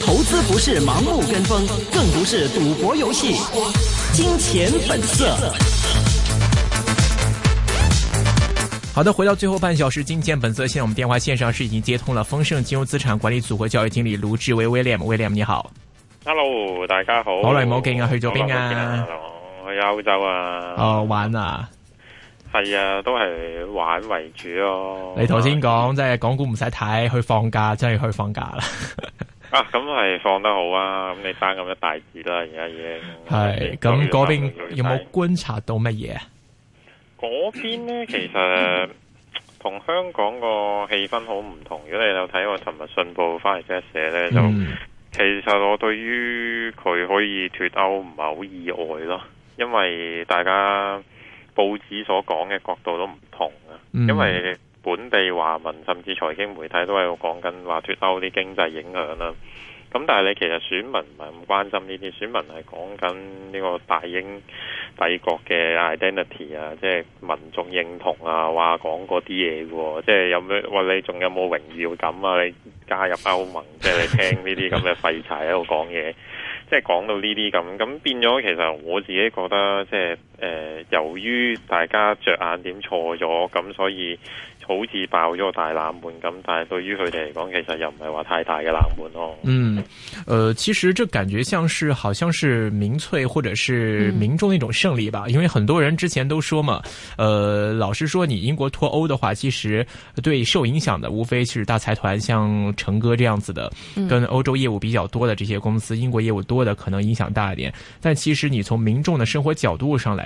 投資不是盲目跟風，更不是賭博遊戲。金錢本色。好的，回到最後半小時，金錢本色。現在我們電話線上是已經接通了豐盛金融資產管理組合教育經理盧志威 William，William 你好。Hello，大家好。好耐冇見啊，去咗邊啊。去咗歐洲啊。哦，玩啊。係啊，都係玩為主咯、啊。你頭先講即係港股唔使睇，去放假真係去放假啦。啊，咁係放得好啊！咁 你打咁一大字啦，而家已經係咁。嗰邊、 嗯、有冇觀察到乜嘢？嗰邊咧，其實同、啊、香港個氣氛好唔同。如果你有睇我尋日信報翻嚟即係寫咧，就其實我對於佢可以脱歐唔係好意外咯，因為大家。報紙所講嘅角度都唔同啊，嗯、因為本地華文甚至財經媒體都係講緊話脱歐啲經濟影響啦。咁但係你其實選民唔係咁關心呢啲，選民係講緊呢個大英帝國嘅 identity 啊，即係民眾認同啊，話講嗰啲嘢喎，即係有咩？哇！你仲有冇榮耀感啊？你加入歐盟，即係你聽呢啲咁嘅廢柴喺度講嘢，即係講到呢啲咁，咁變咗其實我自己覺得即係。誒，由於大家着眼點錯咗，咁所以好似爆咗大冷門咁。但係對於佢哋嚟講，其實又唔係話太大嘅冷門咯。嗯，誒，其實這感覺像是，好像是民粹或者是民眾一種勝利吧。因為很多人之前都說嘛，誒、呃，老實說，你英國脫歐的話，其實對受影響的，無非是大財團，像誠哥這樣子的，跟歐洲業務比較多的這些公司，英國業務多的可能影響大一點。但其實你從民眾的生活角度上來，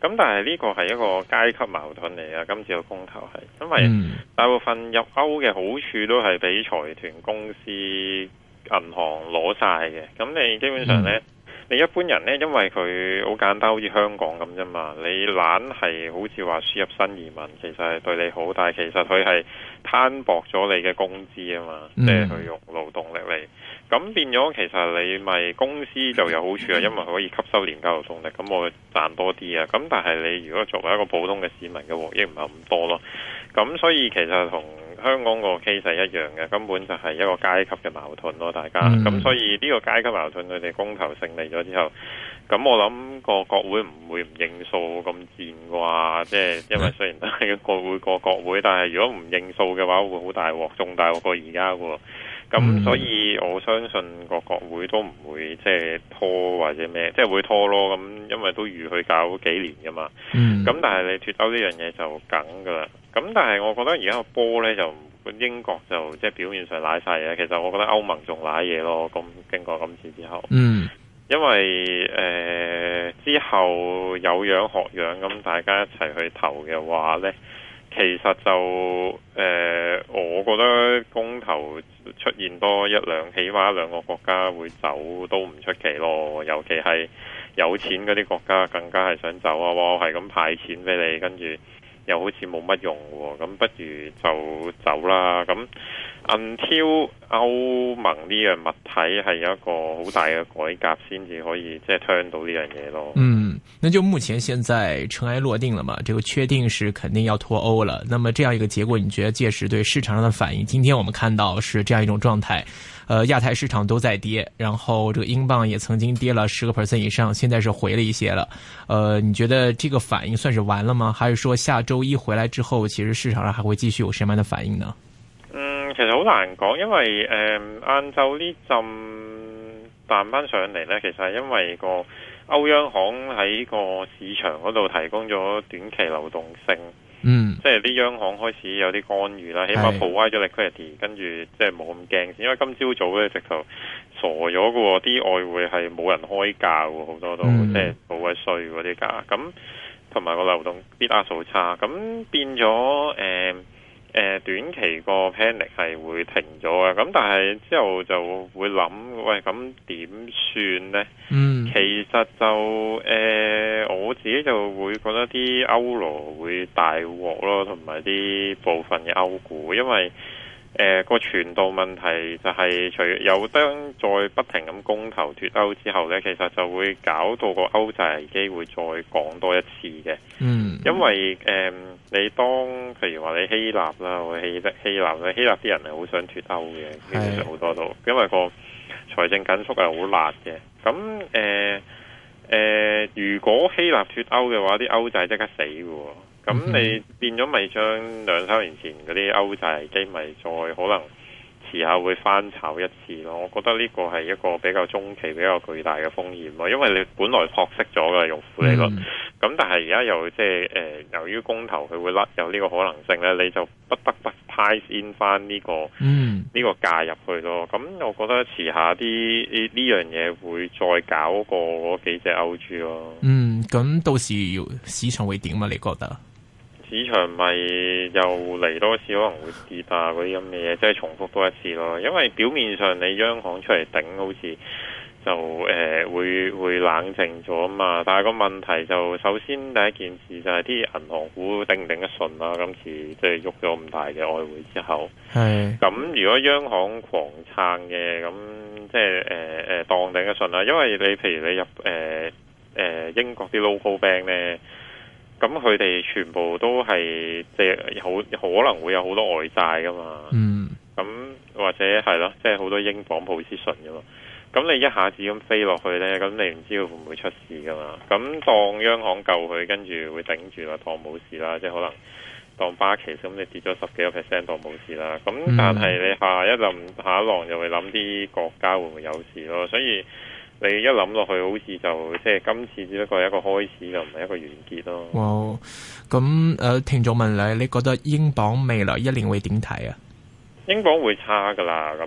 咁但係呢個係一個階級矛盾嚟啊，今次個公投係，因為大部分入歐嘅好處都係俾財團公司銀行攞晒嘅，咁你基本上呢，嗯你一般人咧，因為佢好簡單，好似香港咁啫嘛。你懶係好似話輸入新移民，其實係對你好，但係其實佢係攤薄咗你嘅工資啊嘛，即係佢用勞動力嚟咁變咗。其實你咪公司就有好處啊，因為佢可以吸收廉價勞動力，咁我賺多啲啊。咁但係你如果作為一個普通嘅市民嘅獲益唔係咁多咯。咁所以其實同。香港個 case 係一樣嘅，根本就係一個階級嘅矛盾咯。大家咁，嗯、所以呢個階級矛盾佢哋公投勝利咗之後，咁我諗個國會唔會唔認數咁賤啩？即、就、係、是、因為雖然係個會個國會，但係如果唔認數嘅話，會好大鑊，仲大鑊過而家嘅。咁、嗯、所以我相信個國會都唔會即係、就是、拖或者咩，即、就、係、是、會拖咯。咁因為都預佢搞幾年噶嘛。咁、嗯嗯、但係你脫歐呢樣嘢就梗噶啦。咁但係，我覺得而家個波呢，就個英國就即係表面上舐晒嘢，其實我覺得歐盟仲舐嘢咯。咁經過今次之後，嗯，因為誒、呃、之後有樣學樣咁，大家一齊去投嘅話呢，其實就誒、呃，我覺得公投出現多一兩，起碼一兩個國家會走都唔出奇咯。尤其係有錢嗰啲國家，更加係想走啊！我係咁派錢俾你，跟住。又好似冇乜用喎，咁不如就走啦。咁，until 歐盟呢樣物體係有一個好大嘅改革先至可以，即係 turn 到呢樣嘢咯。嗯。那就目前現在塵埃落定了嘛，這個確定是肯定要脫歐了。那麼這樣一個結果，你覺得屆時對市場上的反應？今天我們看到是這樣一種狀態，呃，亞太市場都在跌，然後這個英鎊也曾經跌了十個 percent 以上，現在是回了一些了。呃，你覺得這個反應算是完了嗎？還是說下周一回來之後，其實市場上還會繼續有什麼樣的反應呢？嗯，其實好難講，因為呃，晏晝呢陣彈翻上嚟呢，其實因為個。歐央行喺個市場嗰度提供咗短期流動性，嗯，即係啲央行開始有啲干預啦，起碼 provide 咗 liquidity，跟住即係冇咁驚，因為今朝早咧直頭傻咗嘅，啲外匯係冇人開價，好多都、嗯、即係好鬼衰嗰啲價，咁同埋個流動啲壓數差，咁變咗誒。呃誒短期個 panic 係會停咗嘅，咁但係之後就會諗，喂咁點算呢？嗯，mm. 其實就誒、呃、我自己就會覺得啲歐羅會大鑊咯，同埋啲部分嘅歐股，因為。誒、呃，個傳導問題就係、是，除有當再不停咁公投脫歐之後呢，其實就會搞到個歐債危機會再講多一次嘅。嗯，因為誒、呃，你當譬如話你希臘啦，或者希希臘，你希臘啲人係好想脫歐嘅，是其實好多都，因為個財政緊縮係好辣嘅。咁誒誒，如果希臘脫歐嘅話，啲歐債即刻死嘅、哦。咁、嗯、 你變咗咪將兩三年前嗰啲歐債危機咪再可能遲下會翻炒一次咯？我覺得呢個係一個比較中期比較巨大嘅風險咯，因為你本來撲熄咗嘅用負利率，咁、嗯、但係而家又即係誒，由於公投佢會甩有呢個可能性咧，你就不得不派先翻呢個嗯呢個價入去咯。咁我覺得遲下啲呢呢樣嘢會再搞過嗰幾隻歐豬咯。嗯，咁到時市場會點啊？你覺得？市場咪又嚟多次可能會跌啊，嗰啲咁嘅嘢，即係重複多一次咯。因為表面上你央行出嚟頂，好似就誒、呃、會會冷靜咗嘛。但係個問題就首先第一件事就係、是、啲銀行股頂唔頂得順啊？今次即係喐咗咁大嘅外匯之後，係咁是如果央行狂撐嘅，咁即係誒誒當頂得順啊。因為你譬如你入誒誒、呃呃、英國啲 local bank 咧。呃呃咁佢哋全部都係即係好可能會有好多外債噶嘛，咁、mm. 或者係咯，即係好多英鎊普斯順噶嘛。咁你一下子咁飛落去呢，咁你唔知佢會唔會出事噶嘛？咁當央行救佢，跟住會頂住話當冇事啦，即係可能當巴奇咁你跌咗十幾個 percent 當冇事啦。咁、mm. 但係你下一輪下一浪就會諗啲國家會唔會有事咯，所以。你一諗落去，好似就即係今次只不過係一個開始，就唔係一個完結咯。哦，咁誒，聽眾問你，你覺得英鎊未來一年會點睇啊？英鎊會差噶啦，咁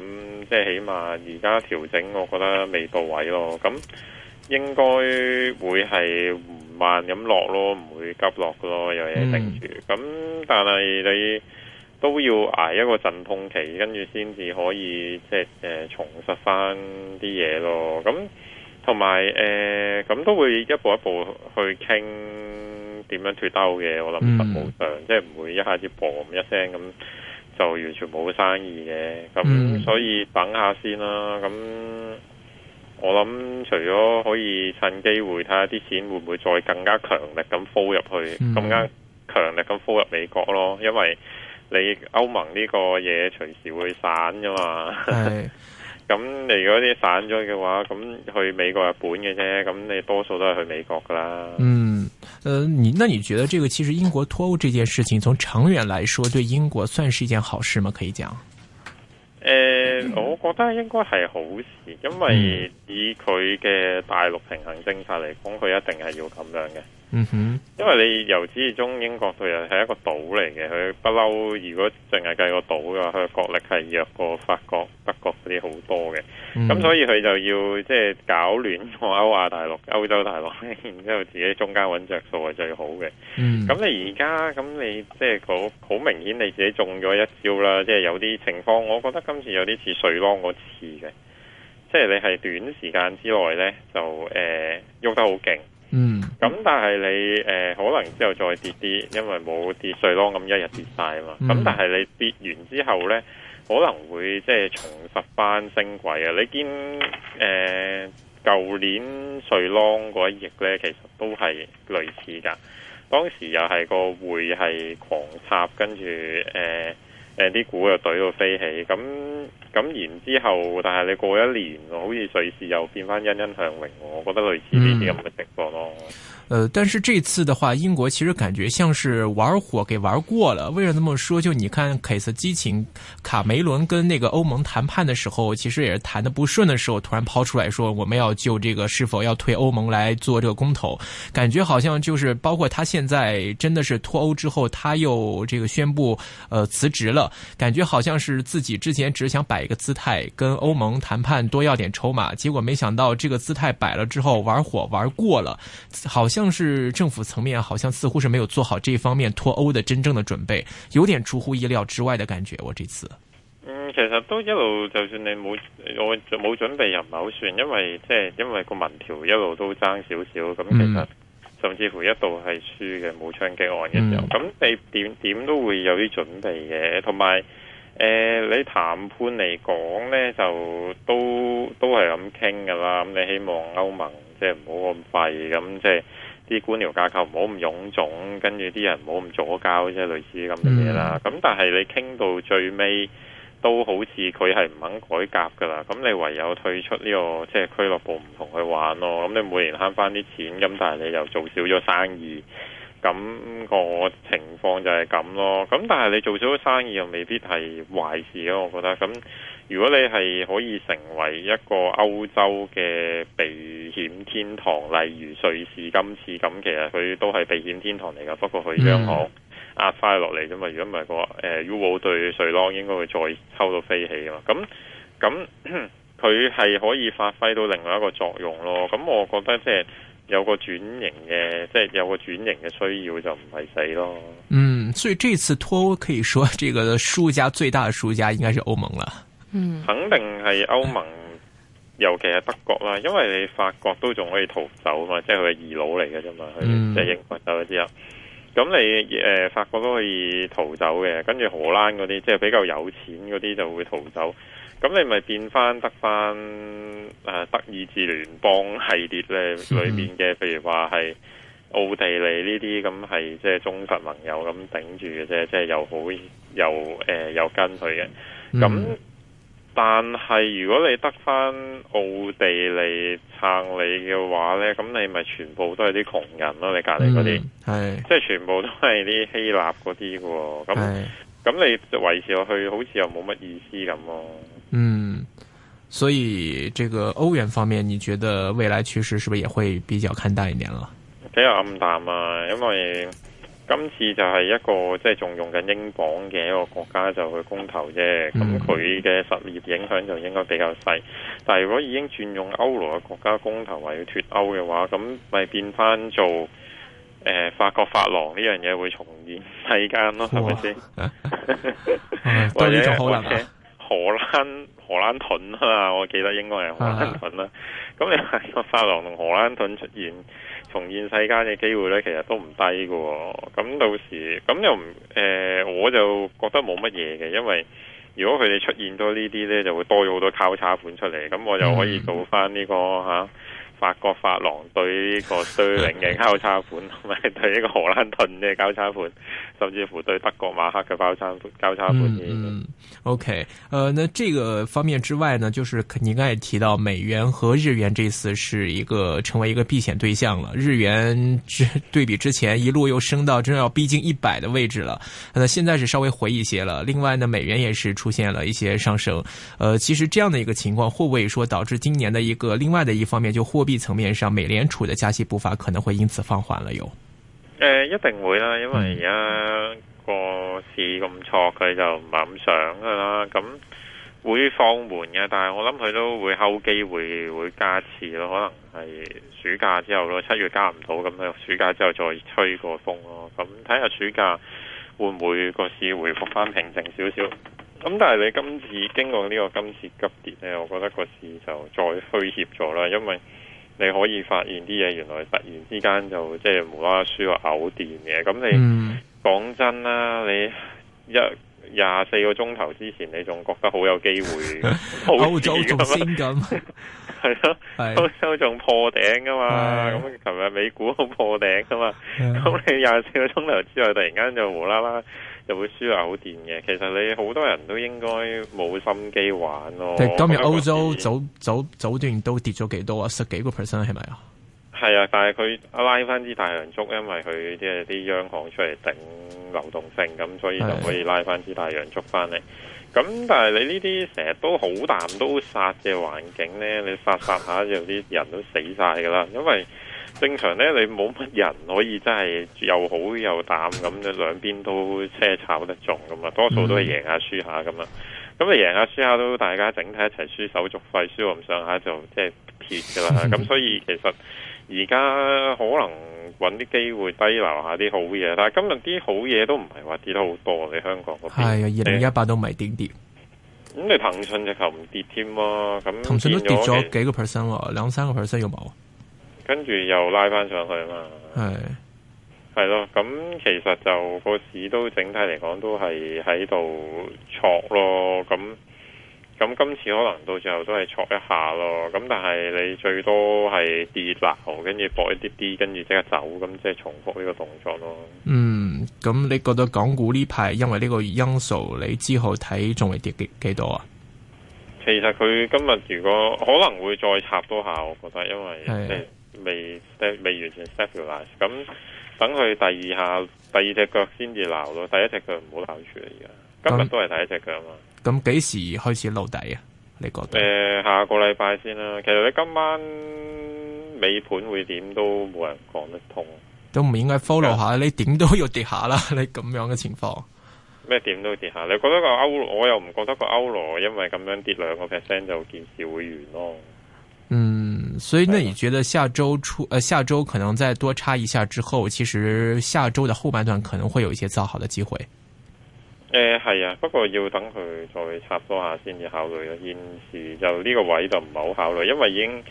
即係起碼而家調整，我覺得未到位咯。咁應該會係慢咁落咯，唔會急落咯，有嘢頂住。咁但係你，都要捱一個陣痛期，跟住先至可以即係、呃、重拾翻啲嘢咯。咁同埋誒咁都會一步一步去傾點樣脫歐嘅。我諗實務上，嗯、即係唔會一下子 boom 一聲咁就完全冇生意嘅。咁、嗯、所以等下先啦。咁我諗除咗可以趁機會睇下啲錢會唔會再更加強力咁 fall 入去，嗯、更加強力咁 fall 入美國咯，因為。你歐盟呢個嘢隨時會散噶嘛？咁你，如果啲散咗嘅話，咁去美國、日本嘅啫。咁你多數都係去美國噶啦。嗯，誒、呃，你那你覺得，這個其實英國脫歐這件事情，從長遠來說，對英國算是一件好事嗎？可以講？誒、呃，我覺得應該係好事，因為以佢嘅大陸平衡政策嚟講，佢一定係要咁樣嘅。嗯哼，因為你由始至終英國又係一個島嚟嘅，佢不嬲。如果淨係計個島嘅話，佢國力係弱過法國、德國嗰啲好多嘅。咁、嗯、所以佢就要即係、就是、搞亂個歐亞大陸、歐洲大陸，然之後自己中間揾着數係最好嘅。咁、嗯、你而家咁你即係好明顯你自己中咗一招啦。即、就、係、是、有啲情況，我覺得今次有啲似瑞郎嗰次嘅，即、就、係、是、你係短時間之內呢，就誒喐、呃、得好勁。嗯，咁但係你誒、呃，可能之後再跌啲，因為冇跌碎浪咁一日跌晒啊嘛。咁、嗯、但係你跌完之後咧，可能會即係重拾翻升軌啊。你見誒，舊、呃、年碎浪嗰一役咧，其實都係類似噶，當時又係個匯係狂插，跟住誒。呃誒啲股又懟到飛起，咁咁然之後，但係你過一年，好似隨時又變翻欣欣向榮。我覺得類似呢啲咁嘅情況咯。呃，但是這次的話，英國其實感覺像是玩火，給玩過了。為什麼這麼說？就你看，凱瑟基情卡梅倫跟那個歐盟談判的時候，其實也是談得不順的時候，突然拋出來說我們要就這個是否要退歐盟來做這個公投，感覺好像就是包括他現在真的是脱歐之後，他又這個宣布，呃，辭職了。感覺好像是自己之前只想擺一個姿態跟歐盟談判多要點籌碼，結果沒想到這個姿態擺了之後玩火玩過了，好像是政府層面好像似乎是沒有做好這方面脫歐的真正的準備，有點出乎意料之外的感覺。我這次，嗯，其實都一路就算你冇我就沒準備又唔好算，因為即係因為個民調一路都爭少少，咁其實。甚至乎一度係輸嘅冇槍擊案嘅時候，咁、mm hmm. 你點點都會有啲準備嘅，同埋誒你談判嚟講呢，就都都係咁傾噶啦。咁你希望歐盟即係唔好咁廢，咁即係啲官僚架構唔好咁臃腫，跟住啲人唔好咁左膠，即係類似咁嘅嘢啦。咁、mm hmm. 但係你傾到最尾，都好似佢係唔肯改革㗎啦，咁你唯有退出呢個即係俱樂部唔同佢玩咯，咁你每年慳翻啲錢，咁但係你又做少咗生意，咁個情況就係咁咯。咁但係你做少咗生意又未必係壞事咯，我覺得。咁如果你係可以成為一個歐洲嘅避險天堂，例如瑞士今次咁，其實佢都係避險天堂嚟噶，不過去央行。Mm hmm. 壓翻落嚟啫嘛，如果唔係個誒 Uo 對瑞朗 o n g 應該會再抽到飛起啊嘛。咁咁佢係可以發揮到另外一個作用咯。咁、嗯、我、嗯嗯、覺得即係有個轉型嘅，即係有個轉型嘅需要就唔係死咯。嗯，所以這次脫歐可以說，這個輸家最大的輸家應該是歐盟啦。盟嗯，肯定係歐盟，尤其係德國啦，因為你法國都仲可以逃走嘛，即係佢二佬嚟嘅啫嘛，佢即係英國走咗之後。嗯嗯咁你誒、呃、法國都可以逃走嘅，跟住荷蘭嗰啲即係比較有錢嗰啲就會逃走。咁你咪變翻得翻誒德意志聯邦系列咧裏面嘅，譬、嗯、如話係奧地利呢啲咁係即係忠實盟友咁頂住嘅啫，即係又好又誒又跟佢嘅咁。嗯但係如果你得翻奧地利撐你嘅話咧，咁你咪全部都係啲窮人咯、啊。你隔籬嗰啲，嗯、即係全部都係啲希臘嗰啲嘅。咁咁、嗯、你就維持落去，好似又冇乜意思咁、啊、咯。嗯，所以這個歐元方面，你覺得未來趨勢是不是也會比較看淡一點啦、啊？比較暗淡啊，因為。今次就係一個即係仲用緊英鎊嘅一個國家就去公投啫，咁佢嘅實業影響就應該比較細。但係如果已經轉用歐羅嘅國家公投話要脫歐嘅話，咁咪變翻做、呃、法國法郎呢樣嘢會重現世間咯，係咪先？是是 多啲、啊、 荷蘭荷蘭盾啊，我記得應該係荷蘭盾啦、啊。咁你係個法郎同荷蘭盾出現？重現世間嘅機會呢，其實都唔低嘅。哦。咁到時咁又唔誒、呃，我就覺得冇乜嘢嘅，因為如果佢哋出現咗呢啲呢，就會多咗好多交叉盤出嚟，咁我就可以做翻呢、這個嚇。法國法郎對呢個蘇嶺的交叉盤，同 埋對呢個荷蘭盾的交叉盤，甚至乎對德國馬克的交叉盤交叉盤。嗯 OK 誒，那這個方面之外呢，就是你應該也提到美元和日元這次是一個成為一個避險對象了。日元之對比之前一路又升到真要逼近一百的位置了，那、呃、現在是稍微回一些了。另外呢，美元也是出現了一些上升。誒、呃，其實這樣的一個情況，會不會說導致今年的一個另外的一方面就貨幣層面上，美聯儲嘅加息步伐可能會因此放緩了。又誒、呃，一定會啦，因為而家個市咁挫佢就唔係咁想噶啦，咁、嗯嗯、會放緩嘅。但係我諗佢都會後機會會加次咯，可能係暑假之後咯，七月加唔到咁樣，暑假之後再吹個風咯。咁睇下暑假會唔會個市回復翻平靜少少。咁、嗯、但係你今次經過呢個今次急跌咧，我覺得個市就再虛怯咗啦，因為。你可以發現啲嘢原來突然之間就即係、就是、無啦啦輸啊嘔電嘅。咁你講、嗯、真啦，你一廿四個鐘頭之前你仲覺得好有機會，歐洲仲先係咯，歐洲仲 破頂噶嘛，咁琴日美股好破頂噶嘛，咁的你廿四個鐘頭之後突然間就無啦啦。就會輸埋好電嘅。其實你好多人都應該冇心機玩咯。但係今日歐洲早早早段都跌咗幾多啊？十幾個 percent 係咪啊？係啊，但係佢拉翻支大陽燭，因為佢啲啲央行出嚟頂流動性，咁所以就可以拉翻支大陽燭翻嚟。咁的但係你呢啲成日都好淡都殺嘅環境咧，你殺一殺一下就啲 人都死晒㗎啦，因為。正常咧，你冇乜人可以真係又好又淡咁，兩邊都車炒得中咁啊！多數都係贏下輸下咁啊！咁你贏下輸下都大家整體一齊輸手續費輸咁上下，就即係撇噶啦！咁 所以其實而家可能揾啲機會低流下啲好嘢，但係今日啲好嘢都唔係話跌得好多，你香港嗰邊係啊，而家八都未跌啲。咁你騰訊只球唔跌添囉？咁騰訊都跌咗幾個 percent 喎，兩三個 percent 有冇。跟住又拉翻上去啊嘛，係的，係咯，咁其實就個市都整體嚟講都係喺度戳咯，咁，咁今次可能到最後都係戳一下咯，咁但係你最多係跌落，跟住搏一啲啲，跟住即刻走，咁即係重複呢個動作咯。嗯，咁你覺得港股呢排因為呢個因素，你之後睇仲係跌幾，幾多啊？其實佢今日如果可能會再插多下，我覺得，因為。未完全 stabilize，咁等佢第二下第二隻腳先至鬧咯，第一隻腳唔好鬧住啦，而家今日都係第一隻腳啊嘛。咁幾時開始露底啊？你覺得？誒、呃，下個禮拜先啦，啊。其實你今晚尾盤會點都冇人講得通，都唔應該 follow 下。但你點都要跌下啦。你咁樣嘅情況，咩點都要跌下。你覺得個歐，我又唔覺得個歐羅，因為咁樣跌兩個 percent 就件事會完咯。嗯。所以，那你覺得下周初呃，下周可能再多插一下之後，其實下周的後半段可能會有一些造好的機會。誒，係啊，嗯，不過要等佢再插多下先至考慮啦。現時就呢個位就唔係好考慮，因為已經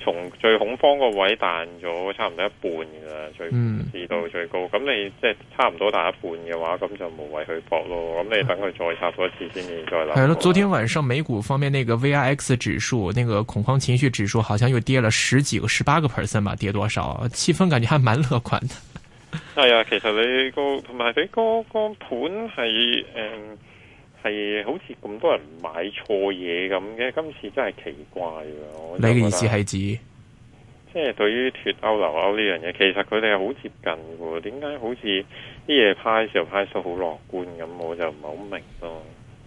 從最恐慌個位彈咗差唔多一半噶啦，最至到最高。咁你即係差唔多彈一半嘅話，咁就無謂去搏咯。咁你等佢再插多一次先至再諗。係 咯，昨天晚上美股方面，那個 VIX 指數，那個恐慌情緒指數，好像又跌了十幾個、十八個 percent 吧？跌多少？氣氛感覺還蠻樂觀的。係啊、 哎，其實你個同埋你個個，個盤係誒係好似咁多人買錯嘢咁嘅，今次真係奇怪啊！你嘅意思係指即係對於脫歐留歐呢樣嘢，其實佢哋係好接近嘅，點解好似啲嘢派時候派得好樂觀咁？我就唔係好明咯。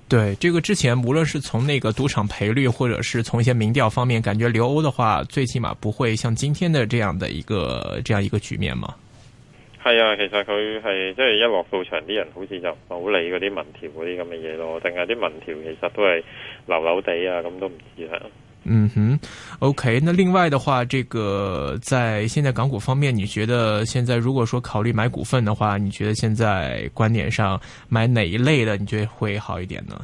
對，這個之前無論是從那個賭場賠率，或者是從一些民調方面，感覺留歐的話，最起碼不會像今天的這樣的一個這樣一個局面嘛？係啊，其實佢係即係一落到場啲人，好似就冇理嗰啲民調嗰啲咁嘅嘢咯，定係啲民調其實都係流流地啊，咁都唔知啦啊。嗯哼，OK。那另外嘅話，這個在現在港股方面，你覺得現在如果說考慮買股份的話，你覺得現在觀點上買哪一類的，你覺得會好一點呢？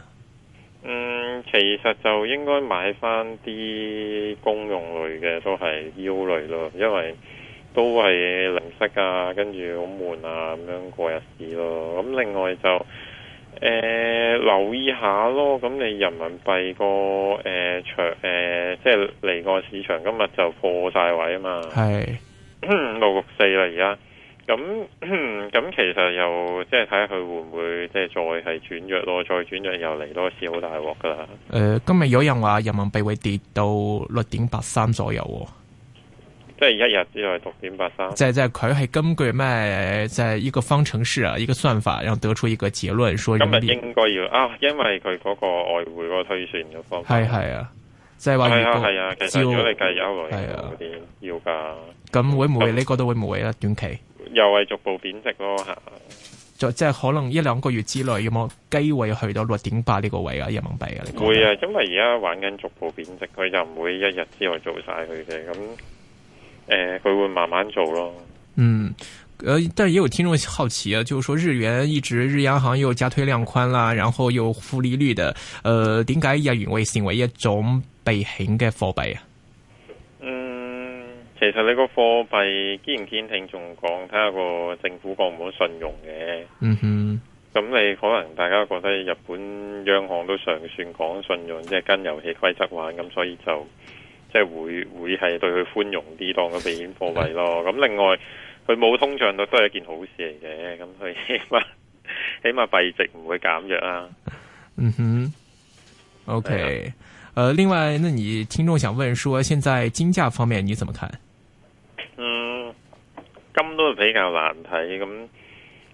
嗯，其實就應該買翻啲公用類嘅，都係 U 類咯，因為。都係零息啊，跟住好悶啊，咁樣過日子咯。咁另外就誒、呃、留意下咯。咁你人民幣個誒長誒即係離岸市場今日就破晒位啊嘛。係是六六四啦而家。咁咁其實又即係睇下佢會唔會即係再係轉弱咯？再轉弱又嚟多市好大鑊噶啦。誒、呃，今日有人話人民幣會跌到六點八三左右。即係一日之內六點八三，即係佢係根據咩？即係一個方程式啊，一個算法，然後得出一個結論，說人民幣今日應該要啊，因為佢嗰個外匯嗰個推算嘅方法係係啊，即係話如果照咗你計休來嗰啲要噶，咁、啊、會唔會呢個都會唔會咧？短期又係逐步貶值咯，就即係可能一兩個月之內有冇機會去到六點八呢個位啊？人民幣啊？你會啊，因為而家玩緊逐步貶值，佢就唔會一日之內做晒佢嘅咁。誒，佢、呃、會慢慢做咯。嗯，誒、呃，但係也有聽眾好奇啊，就是說日元一直日央行又加推量寬啦、啊，然後又負利率的，誒、呃，點解日元會成為一種避險嘅貨幣啊？嗯，其實呢個貨幣既然堅唔堅挺，仲講睇下個政府講唔講信用嘅。嗯哼，咁你可能大家覺得日本央行都尚算講信用，即係跟遊戲規則玩，咁所以就。即係會會係對佢寬容啲，當個避險貨幣咯。咁另外，佢冇通脹率都係一件好事嚟嘅。咁佢起碼起碼幣值唔會減弱啦。嗯哼，OK、呃。誒，另外，那你聽眾想問説，現在金價方面你怎麼看？嗯，金都比較難睇。咁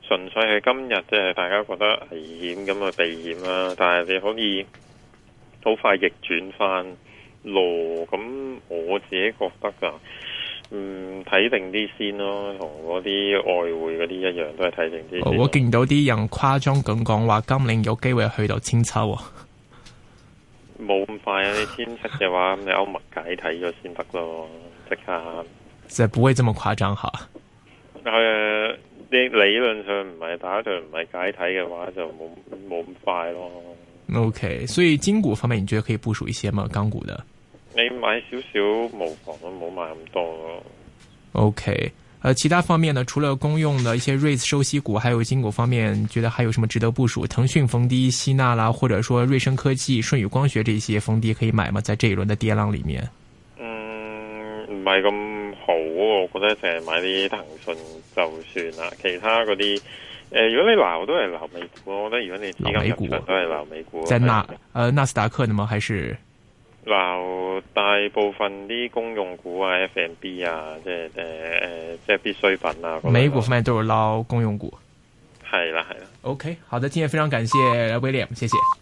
純粹係今日即係大家覺得危險咁啊避險啦，但係你可，可以好快逆轉翻。路咁、哦，我自己覺得噶，嗯，睇定啲先咯，同嗰啲外匯嗰啲一樣，都係睇定啲。我見到啲人誇張咁講話，今年有機會去到千秋啊、哦！冇咁快啊！天色嘅話，歐盟解體咗先得咯，即刻。即係不會這麼誇張哈。誒、啊，你理論上唔係打仗唔係解體嘅話就，就冇冇咁快咯。OK，所以金股方面，你覺得可以部署一些嗎？港股的？你買少少冇房咯，唔買咁多咯。O K，誒，其他方面呢？除了公用的一些瑞士收息股，還有新股方面，覺得還有什麼值得部署？騰訊逢低吸納啦，或者說瑞聲科技、舜宇光學這些逢低可以買嗎？在這一輪的跌浪裏面？嗯，唔係咁好，我覺得淨係買啲騰訊就算啦。其他嗰啲誒，如果你留都係留美股，我覺得如果你留美股都係留美股。在納？誒，納斯達克的嗎？還是？嗱，大部分啲公用股啊、F＆B m 啊，即係誒誒，即係必需品啊。美、那個、股方面都有撈公用股，係啦，係啦。啦 OK，好的，今天非常感謝 William，謝謝。